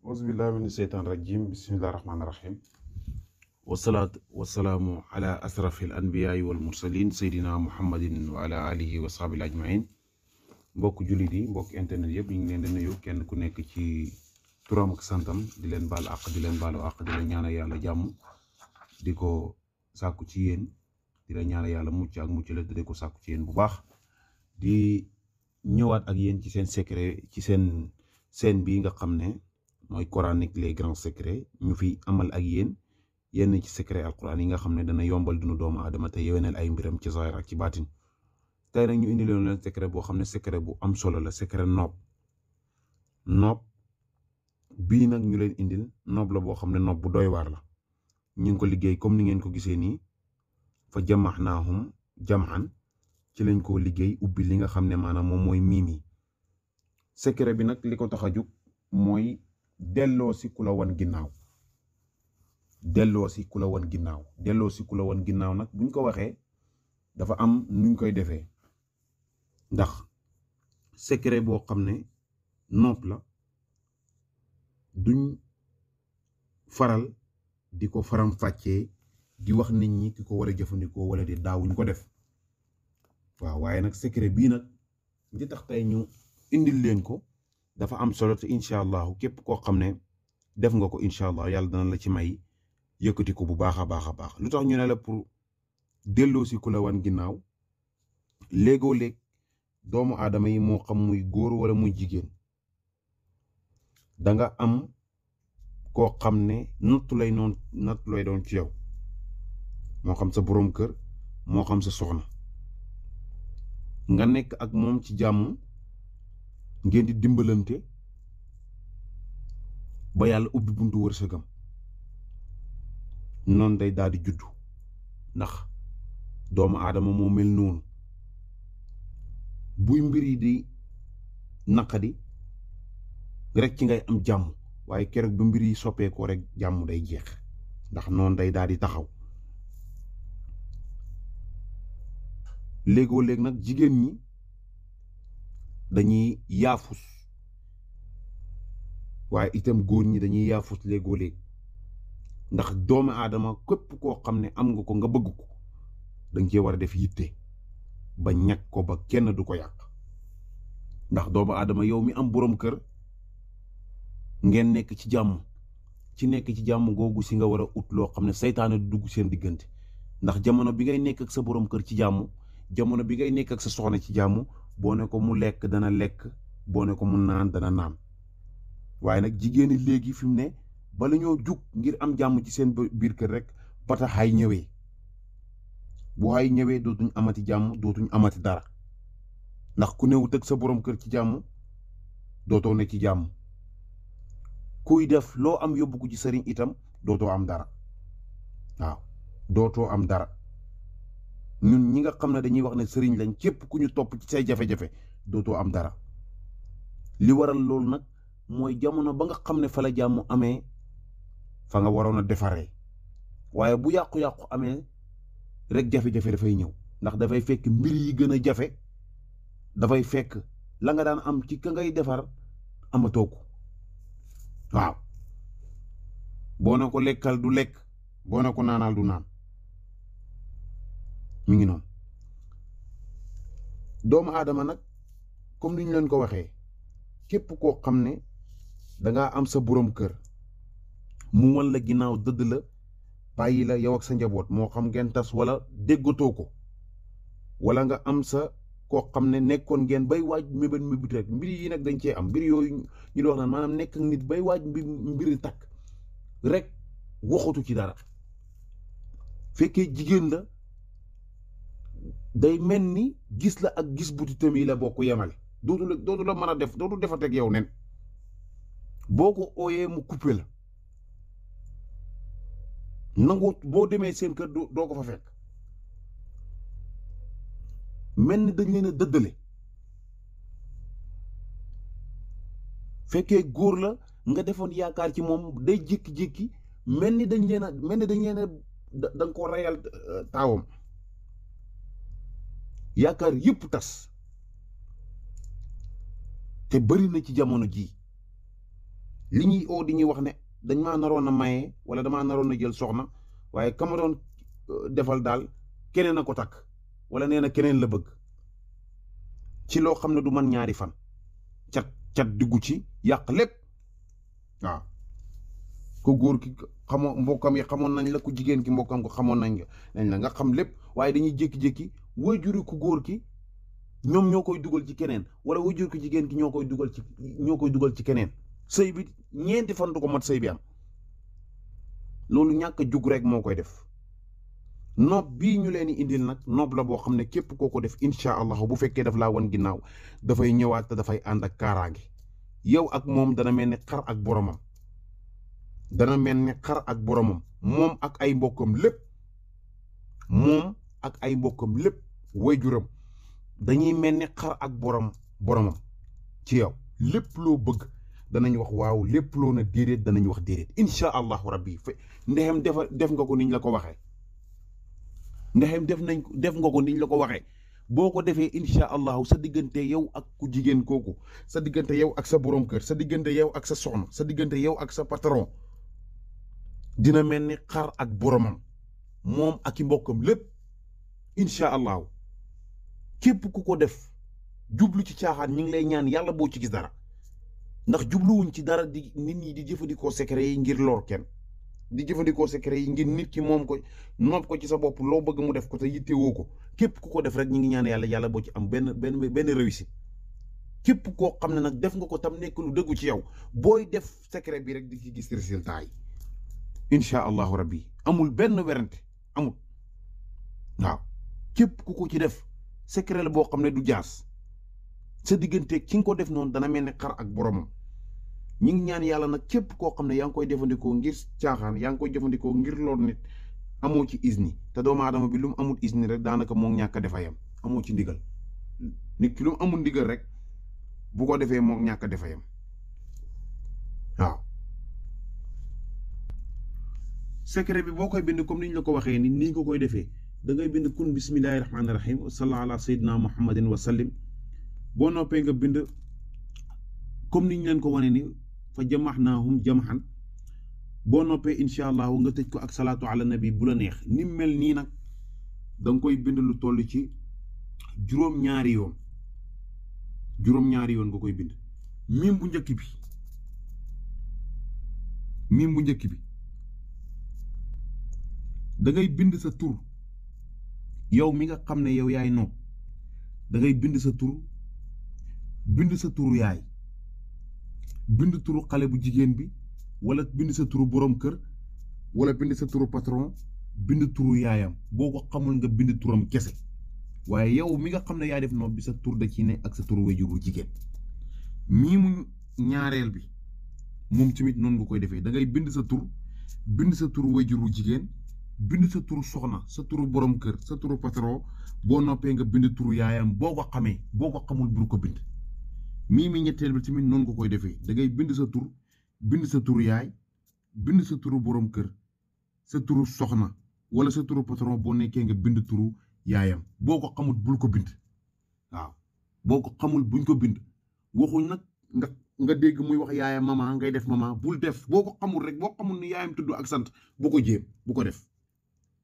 أعوذ بالله من الشيطان الرجيم بسم الله الرحمن الرحيم والصلاة والسلام على أشرف الأنبياء والمرسلين سيدنا محمد وعلى آله وصحبه أجمعين بوك جوليدي بوك انترنت ييب نين لين نيو كين كو نيك سي تورام اك سانتام دي لين بال اق دي لين بالو اق دي لا نيانا يالا جام ديكو ساكو سي يين دي لا نيانا يالا موتي اك موتي لا ديكو ساكو سي يين بو باخ دي نيوات اك يين سي سين سيكري سي سين سين بيغا خامني mooy coranique les grands secrets ñu fi amal ak yéen yenn ci secret alquran yi nga xam ne dana yombal dunu doomu aadama te yeweneel ay mbiram ci zahir ak ci baatin tey nag ñu indi leen leen secret boo xam ne secret bu am solo la secret noob noob bii nag ñu leen indil noob la boo xam ne noob bu doy waar la ñu ngi ko liggéey comme ni ngeen ko gisee nii fa jamaxnaahum jamxan ci lañ ko liggéey ubbi li nga xam ne maanaam moom mooy mii yi secret bi nag li ko tax a jóg mooy delloo si ku la wan ginnaaw delloo si ku la wan ginnaaw delloo si ku la wan ginnaaw nag bu ñu ko waxee dafa am nuñ koy defee ndax secret boo xam ne nopp la duñ faral di ko faram di wax nit ñi ki ko war a jëfandikoo wala di daawuñ ko def waaw waaye nag secret bii nag li tax tey ñu indil leen ko dafa am solo te incha allahu képp koo xam ne def nga ko incha allah yàlla dana la ci may yëkkati ko bu baax a baax a baax lu tax ñu ne la pour delloo si ku la wan ginnaaw léegoo léeg doomu aadama yi moo xam muy góor wala muy jigéen da nga am koo xam ne nattu lay noon nattu lay doon ci yow moo xam sa boroom kër moo xam sa soxna nga nekk ak moom ci jàmm. ngeen di dimbalante ba yàlla ubbi buntu wërsëgam noon day daal di juddu ndax doomu aadama moo mel noonu buy mbir yi di naqadi rek ci ngay am jàmm waaye keroog bu mbir yi soppeekoo rek jàmm day jeex ndax noon day daal di taxaw léegoo léeg nag jigéen ñi. dañuy yaafus waaye itam góor ñi dañuy yaafus léegoo léeg ndax doomu aadama képp koo xam ne am nga ko nga bëgg ko danga cee war a def yitte ba ñàkk ko ba kenn du ko yàq ndax doomu aadama yow mi am boroom kër ngeen nekk ci jàmm ci nekk ci jàmm googu si nga war a ut loo xam ne seytaane du dugg seen diggante ndax jamono bi ngay nekk ak sa boroom kër ci jàmm jamono bi ngay nekk ak sa soxna ci jàmm boo ne ko mu lekk dana lekk boo ne ko mu naan dana naan waaye nag jigéen léegi fi mu ne bala ñoo jug ngir am jàmm ci seen biir kër rek bata xay ñëwee bu xay ñëwee dootuñ amati jàmm dootuñ amati dara ndax ku newut ak sa borom kër ci jàmm dootoo ne ci jàmm kuy def loo am yóbbu ko ci sëriñ itam dootoo am dara waaw dootoo am dara ñun ñi nga xam ne dañuy wax ne sëriñ lañ képp ku ñu topp ci say jafe-jafe dootoo am dara li waral loolu nag mooy jamono ba nga xam ne fa la jàmm amee fa nga waroon a defaree waaye bu yàqu-yàqu amee rek jafe-jafe dafay ñëw ndax dafay fekk mbir yi gën a jafe dafay fekk la nga daan am ci ka ngay defar am amatoo ko waaw boo na ko lekkal du lekk boo na ko naanaal du naan mi ngi noonu doomu aadama nag comme ni ñu leen ko waxee képp koo xam ne danga am sa boroom kër mu wan la ginnaaw dëdd la bàyyi la yow ak sa njaboot moo xam ngeen tas walla déggatoo ko walla nga am sa koo xam ne nekkoon ngeen bay waaj mébét mébét rek mbir yi nag dañ cee am mbir yooyu ñu maanaam nekk nit bay waaj mbir mbiri takk rekk waxatu ci dara fekkee jigéen la day mel ni gis la ak gis butitam yi la bokk yemale doo la dootu la mën a def dootu defateeg yow nen boo ko ooyee mu coupé la nangu boo demee seen kër doo ko fa fekk mel ni dañ leen a dëddale fekkee góor la nga defoon yaakaar ci moom day jékki-jékki mel ni dañ leen a mel ni dañ leen a da nga ko reyal euh, taawam yaakaar yépp tas te bëri na ci jamono jii li ñuy oo di ñuy wax ne dañ maa naroon a maye wala damaa naroon a jël soxna waaye ka euh, defal daal keneen a ko takk wala nee na keneen la bëgg ci loo xam ne du man ñaari fan cat cat diggu ci yàq lépp waaw ko góor ki xamoo mbokkam yi xamoon nañ la ku jigéen ki mbokkam ko xamoon nañ la nga xam lépp waaye dañuy jékki-jékki wajuru ko góor ki ñoom ñoo koy dugal ci keneen wala wajuru ku jigéen gi ñoo koy dugal ci ñoo koy dugal ci keneen sëy bi ñeenti fan ko mat say bi am loolu ñàkk a jug rek moo koy def noob bii ñu leen di indil nag noob la boo xam ne képp koo ko def incha allah bu fekkee daf laa wan ginnaaw dafay ñëwaat te dafay ànd ak kaaraange yow ak moom dana mel ni xar ak boromam dana mel ni xar ak boromam moom ak ay mbokkam lépp moom ak ay mbokkam lépp waajuram dañuy mel ni xar ak borom boromam ci yow lépp loo bëgg danañ wax waaw lépp loo na déedéet danañ wax déedéet incha allahu rabbi fa ndexem defa def nga ko niñ la ko waxee ndexem def nañ def nga ko niñ la ko waxee boo ko defee incha allahu sa diggante yow ak ku jigéen kooku sa diggante yow ak sa borom kër sa diggante yow ak sa soxna sa diggante yow ak sa patron dina mel ni xar ak boromam moom ak i mbokkam lépp incha allahu képp ku ko def jublu ci caaxaan ñu ngi lay ñaan yàlla boo ci gis dara ndax jubluwuñ ci dara di nit ñi di jëfandikoo secret yi ngir lor kenn di jëfandikoo secret yi ngir nit ki moom ko nopp ko ci sa bopp loo bëgg mu def ko te yittewoo ko képp ku ko def rek ñu yàlla yàlla boo ci am benn benn benn réussite képp koo xam ne nag def nga ko tam nekk lu ci yow booy def secret bi rek di ci gis résultat yi incha allahu rabbi amul benn werante amul waaw képp ku ko ci def. secret la boo xam ne du jaas sa diggante ki nga ko def noonu dana mel ne xar ak boromam ñu ngi ñaan yàlla nag képp koo xam ne yaa ngi koy jëfandikoo ngir caaxaan yaa ngi koy jëfandikoo ngir loolu nit amoo ci isni te doomu aadama bi lu mu amul isni rek daanaka moom ñàkk a defayam amoo ci ndigal nit ki lu mu amul ndigal rek bu ko defee moom ñàkk a defayam waaw. secret bi boo koy benn comme ni ñu la ko waxee nit nii ko koy defee. dangay bind kun bismillahi rahmaani rahim salla ala sayyidina muhammadin wa sallim boo noppee nga bind comme ni ñu leen ko wane ni fa jamax naahum jamaxan boo noppee incha allah nga tëj ko ak salaatu ala nabi bu la neex ni mel nii nag danga koy bind lu toll ci juróom-ñaari yoon juróom-ñaari yoon nga koy bind miim bu njëkk bi miim bu njëkk bi dangay bind sa tur yow mi nga xam ne yow yaay nopp dangay bind sa tur bind sa turu yaay bind turu xale bu jigéen bi wala bind sa turu boroom kër wala bind sa turu patron bind turu yaayam boo ko xamul nga bind turam kese waaye yow mi nga xam ne yaay def no bi sa tur da ci ne ak sa tur wéjur bu jigéen mii mu ñaareel bi moom tamit noonu nga koy defee da ngay bind sa tur bind sa turu wéjur bu jigéen bind sa turu soxna sa turu boroom kër sa turu patron boo noppee nga bind turu boo ko xamee boo ko xamul bul ko bind mii mi ñetteel bi tamit noonu nga koy defee da ngay bind sa tur bind sa turu bind sa turu borom kër sa turu soxna wala sa turu boo nekkee nga bind turu yaayam boo ko xamul bul ko bind waaw boo ko xamul buñ ko bind waxuñ nag nga dégg muy wax yaayam mama ngay def mama bul def boo ko xamul rek boo xamul ni yaayam tudd ak sant bu ko jéem bu ko def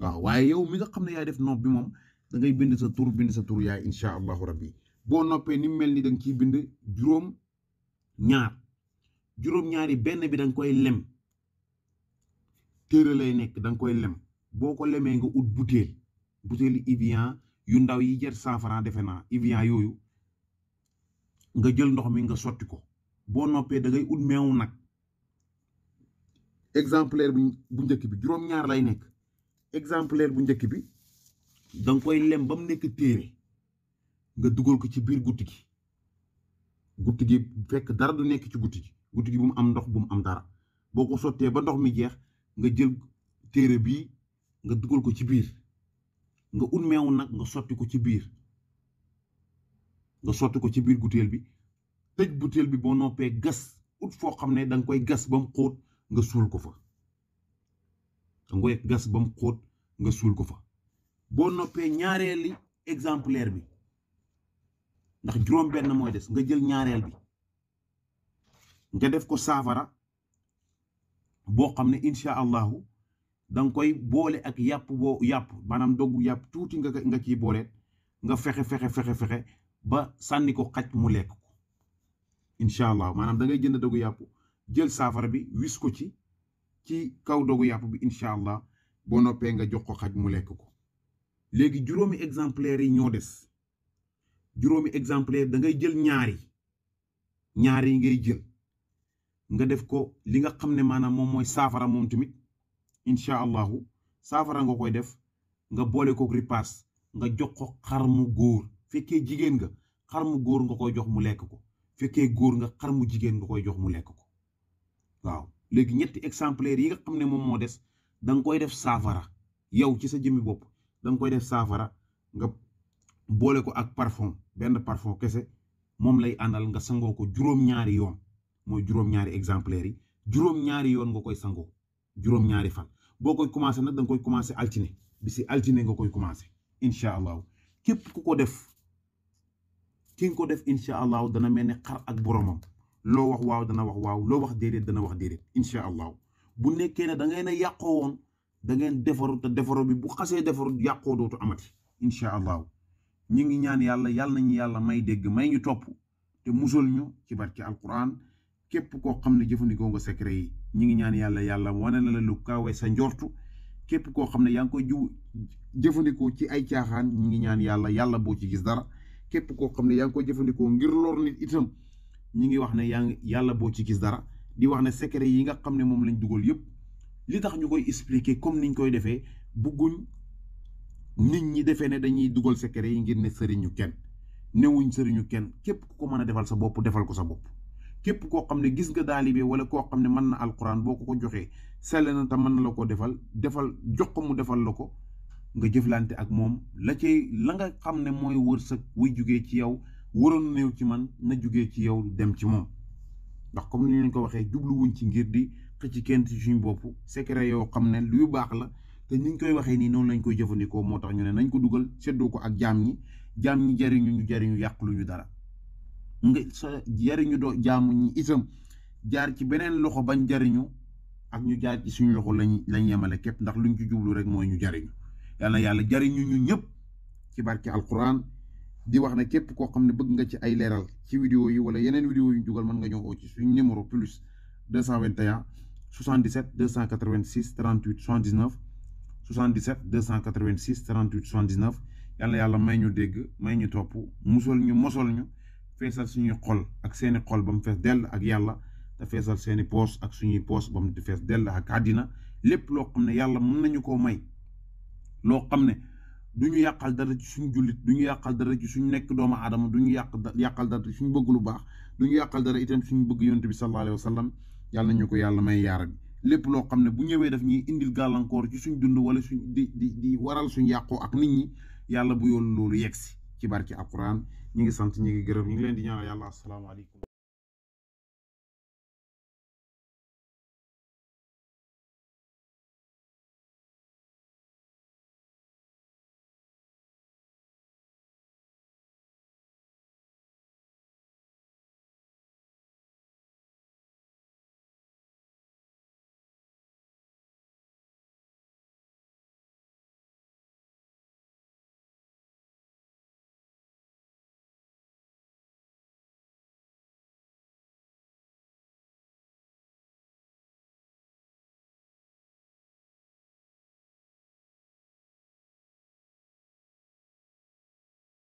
waaw waaye yow mi nga xam ne yaay def nopp bi moom dangay bind sa tur bind sa tur yaay incha allahu rabbi boo noppee ni mel ni da nga ciy juróom ñaar juróom benn bi da koy lem téere lay nekk danga koy lem boo ko lemee nga ut butéel butéeli Evian yu ndaw yi jar cent defe naa Evian yooyu nga jël ndox mi nga sotti ko boo noppee da ngay ut meew nag exemplaire bu njëkk bi juróom-ñaar lay nekk exemplaire bu njëkk bi danga koy lem ba mu nekk téere nga dugal ko ci biir gutti gi gutti gi fekk dara du nekk ci gutti gi gutti gi bu mu am ndox bu mu am dara boo ko sottee ba ndox mi jeex nga jël téere bii nga dugal ko ci biir nga ut meew nag nga sotti ko ci biir nga sotti ko ci biir butéel bi tëj butéel bi boo noppee gas ut foo xam ne danga koy gas ba mu xóot nga suul ko fa nga koy gas ba xóot nga suul ko fa boo noppee ñaareeli exemplaire bi ndax juróom-benn mooy des nga jël ñaareel bi nga def ko saafara boo xam ne incha allahu danga koy boole ak yàpp boo yàpp maanaam doggu yàpp tuuti nga nga ciy booleet nga fexe fexe fexe fexe ba sànni ko xaj mu lekk ko incha allahu maanaam da ngay jënd doggu yàpp jël saafara bi wis ko ci. ci kaw dogu yàpp bi incha allah boo noppee nga jox ko xaj mu lekk ko léegi juróomi exemplaire yi ñoo des juróomi exemplaire da ngay jël ñaari ñaari yi ngay jël nga def ko li nga xam ne maanaam moom mooy saafara moom tamit incha allahu saafara nga koy def nga boole ko ripaas nga jox ko xar mu góor fekkee jigéen nga xar mu góor nga koy jox mu lekk ko fekkee góor nga xar mu jigéen nga koy jox mu lekk ko waaw léegi ñetti exemplaires yi nga xam ne moom moo des danga koy def saafara yow ci sa jëmmi bopp danga koy def saafara nga boole ko ak parfum benn parfum kese moom lay àndal nga sangoo ko juróom-ñaari yoon mooy juróom-ñaari exemplaires yi juróom-ñaari yoon nga koy sangoo juróom-ñaari fan boo koy commencé nag danga koy commencé altine bi si altine nga koy commencé incha allahu képp ku ko def ki ko def incha allahu dana mel ni xar ak boromam. loo wax waaw dana wax waaw loo wax déedéet dana wax déedéet incha allahu bu nekkee ne da ngeen a yàqoo woon da ngeen defaru te defaru bi bu xasee defaru yàqoo dootu amati incha allahu ñu ngi ñaan yàlla yàlla nañu yàlla may dégg may ñu topp te musul ñu ci barke alquran képp koo xam ne jëfandikoo nga secret yi ñu ngi ñaan yàlla yàlla wane na la lu kawe sa njortu képp koo xam ne yaa ngi koy jiw jëfandikoo ci ay caaxaan ñu ngi ñaan yàlla yàlla boo ci gis dara képp koo xam ne yaa ngi koy jëfandikoo ngir lor nit itam ñu ngi wax ne yaa ngi yàlla boo ci gis dara di wax ne secret yi nga xam ne moom lañ dugal yëpp li tax ñu koy expliquer comme niñ koy defee bugguñ nit ñi defee ne dañuy dugal secret yi ngir ne sëriñu kenn newuñ sëriñu kenn képp ku ko mën a defal sa bopp defal ko sa bopp képp koo xam ne gis nga daalibe wala koo xam ne mën na alquran boo ko ko joxee sell na tam mën na la koo defal defal jox ko mu defal la ko nga jëflante ak moom la cay la nga xam ne mooy wërsëg wuy jugee ci yow waroon néew ci man na jógee ci yow dem ci moom ndax comme ni ñu ko waxee jubluwuñ ci ngir di xëcc kenn ci suñu bopp secret yoo xam ne luy baax la te niñ koy waxee nii noonu lañ koy jëfandikoo moo tax ñu ne nañ ko dugal séddoo ko ak jaam ñi jaam ñi jariñu ñu jariñu yàq dara nga sa jariñu doo jaam itam jaar ci beneen loxo bañ jariñu ak ñu jaar ci suñu loxo lañ lañ yemale képp ndax luñ ci jublu rek mooy ñu jariñu yàlla yàlla jariñu ñu ñëpp ci barke alquran di wax na képp koo xam ne bëgg nga ci ay leeral ci vidéo yi wala yeneen vidéo yu ñu dugal mën nga ñëw oo ci suñu numéro plus 221 77 286 38 79 77 286 38 79 yàlla yàlla may ñu dégg may ñu topp musal ñu mosol ñu feesal suñuy xol ak seeni xol ba mu fees dell ak yàlla te feesal seeni poos ak suñuy poos ba mu fees dell ak kàddina lépp loo xam ne yàlla mën nañu koo may loo xam ne du ñu yàqal dara ci suñu jullit du ñu yàqal dara ci suñu nekk doomu aadama du ñu yàq yàqal dara ci suñ bëgg lu baax du ñu yàqal dara itam suñu bëgg yonent bi sallallahu alayhi wa sallam yàlla nañu ko yàlla may yaara bi lépp loo xam ne bu ñëwee daf ñuy indil gàllankoor ci suñ dund wala suñ di di di waral suñu yàqoo ak nit ñi yàlla bu yoon loolu yegg si ci barki alquran ñi ngi sant ñi ngi gërëm ñi ngi leen di ñaar yàlla asalaamaaleykum